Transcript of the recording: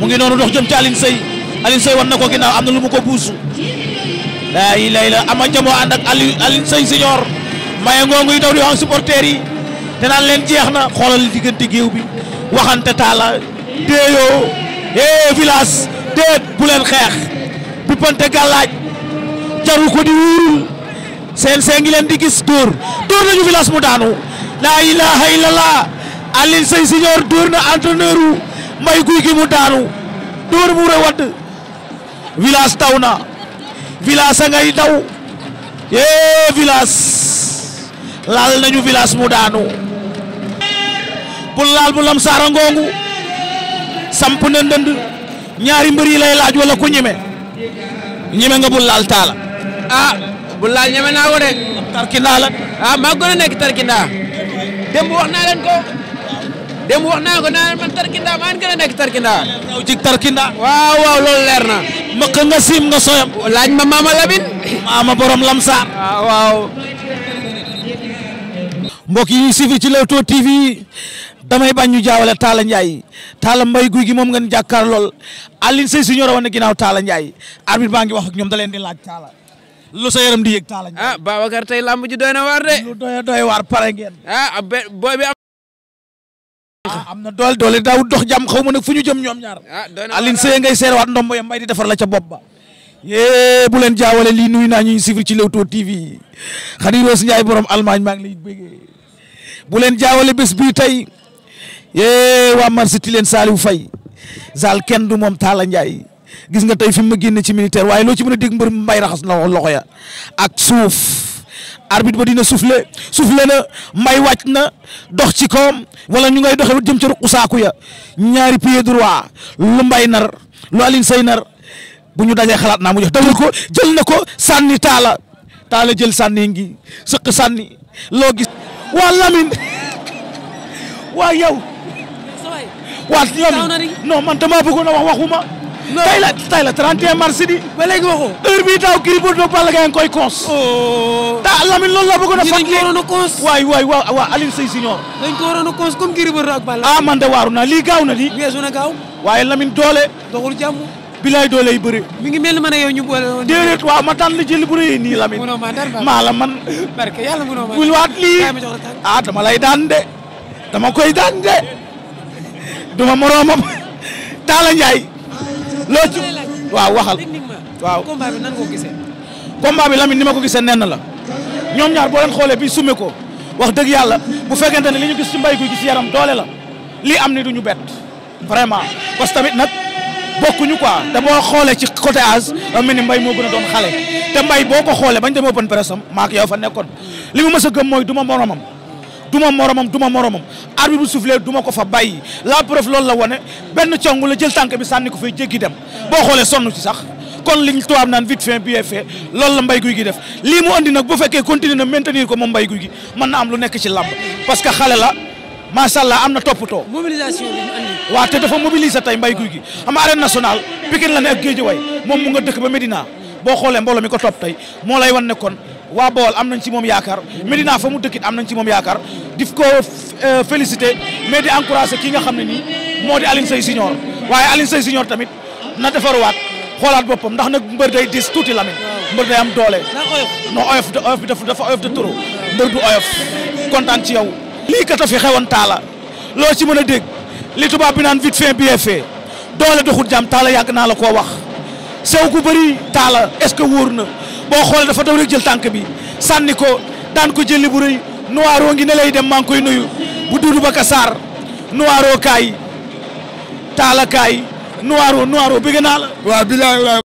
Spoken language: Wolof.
mu ngi noonu dox jëm ci Alioune Seye Alioune Seye wan na ko ginnaaw am na lu mu ko buusu laa yi lay la ama jamoo ànd ak Aliou Alioune Seye senior maye ngoonguy daw di wax supporters yi te naan leen jeex na xoolal diggante géew bi waxante taala déeyoo é village déet bu leen xeex buppante gàllaaj jaru ko di wuurul seen seen ngi leen di gis dóor dóor nañu village mu daanu laa ilaha illallah Alioune Seye dóor na entraîneur mbay guy gi mu daanu dóor mu rewadd village taw na village a ngay daw yee village laal nañu village mu daanu pour laal bu lam saara samp na ndënd ñaari mbër yi lay laaj wala ku ñeme ñeme nga bul laal taala ah bul laal ñeme naa ko de tarkindaa la ah maa gën a nekk tarkindaa démb wax naa ko dem wax naa ko naa man tarkindaa maa ngi gën a tarkindaa. waaw waaw loolu leer na. mëkk nga siim nga sooyam. laaj ma maama Labine. maama borom Lamsaan. waaw ah, waaw. mbokk yi suivi ci Leewtoo TV damay bañ ñu jaawale Talla Ndiaye Talla mbay guy gi moom ngeen jàkkaar lool Alioune Seye Junior woon na ginnaaw Talla Ndiaye arbitre baa ngi wax ak ñoom da leen di laaj Talla. lu sa yaram di yëg Talla Ndiaye. ah tey lamb ji doy waar pare ngeen. ah ah am na doole doole daaw dox jam xaw ma nag fu ñu jëm ñoom ñaar. Ah, Alioune Seye ngay seerewaat ndombo ya mbay di defar la ca bopp ba. yee bu leen jaawale lii nuyu naa ñuy suivre ci Leewtoo TV Khady Rose Ndiaye borom Allemagne maa ngi lay bëggee bu leen jaawale bés bii tey yee waa Marsiti leen Saliou fay zaal kenn du moom taala Ndiaye gis nga tey fi mu ma ci militaire waaye loo ci mun a dégg mbër mbay raxas na loxo ya ak suuf. arbitre ba dina soufflé soufflé na may wàcc na dox ci koom wala ñu ngay doxe jëm ci ruqu saaku ya ñaari pied droit lu mbay nar lu alin say nar bu ñu dajee xalaat na mu jox ko jël na ko sànni taala taala jël sànni ngi sëq sànni loo gis waa Lamine waa yow waa Lamine non man dama bëggoon wax waxuma tey la tey la 31 mars di. ba léegi waxoo. heure bii daaw Gris Bordeaux Balla Gaye koy cons. Oh. ta Lamine la bëggoon a fàttali. ñu ne cons. waay waay a cons comme Gris Bordeaux ak Balla. Ah, man de waaru naa lii gaaw na di. weesu na doole. doxul doole yi bëri. mi ngi mel ni man ak yow ñu boole woon. déedéet waaw ma tànn jël bu nii Lamine. maa dara maa yàlla munoo maa bul waat lii. ah dama lay daan de. dama koy daan de. duma moroomam Talla Ndiaye loo ci waaw waxal. waaw combat bi nan ko gisee. combat bi Lamine ni ma ko gisee nenn la ñoom ñaar boo leen xoolee bi summe ko wax dëgg yàlla bu fekkente ne li ñu gis ci mbay guy gis yaram doole la lii am ni du ñu bett vraiment parce que tamit nag bokkuñu quoi te boo xoolee ci côté âge dafa mel ni mbay moo gën a doon xale te mbay boo ko xoolee bañ demee open press am maak ak fa nekkoon li mu mës a gëm mooy du ma moromam. duma moromam duma moromam arbitre bu soufflé duma ko fa bàyyi la preuve loolu la wane benn cong la jël tànk bi sànni ko fay jéggi dem boo xoolee sonn ci sax kon liñ tubaab naan vite fait bi fait loolu la mbay guy gi def lii mu andi nag bu fekkee continuer na maintenir ko moom mbay guy gi mën na am lu nekk ci làmb parce que xale la macha allah am na toppatoo. mobilisation bi ñu andi. waaw dafa mobiliser tey mbay guy gi xam nga arène nationale Pikine la ne ak Guédiawaye moom mu nga dëkk ba Medina boo xoolee mbooloo mi ko topp tey moo lay wan ne waa Bawol am nañ ci moom yaakaar Medina fa mu dëkkit am nañ ci moom yaakaar dif ko euh, félicité mais di encouragé ki nga xam ne nii moo di Alioune Seye Junior waaye Alioune Seye Junior tamit na defaruwaat xoolaat boppam ndax nag mbër day dis tuuti lamin mbër day am doole non oyof oyof bi dafa oyof de toro mbër du oyof kontaan ci yow lii kat a fi xewoon taala loolu ci mën a dégg li tubaab bi naan vite fait bien fait doole doxut jàmm taala yàgg naa la koo wax sew gu bëri taala est-ce que wóor na boo xoolee dafa daw rek jël tànk bi sànni ko daan ko jëli bu rëy noiro ngi ne lay dem maa ngi koy nuyu bu duudu ba kasaar noiro kaay taala kaay noiro noiro bëgg naa la. waaw bilaay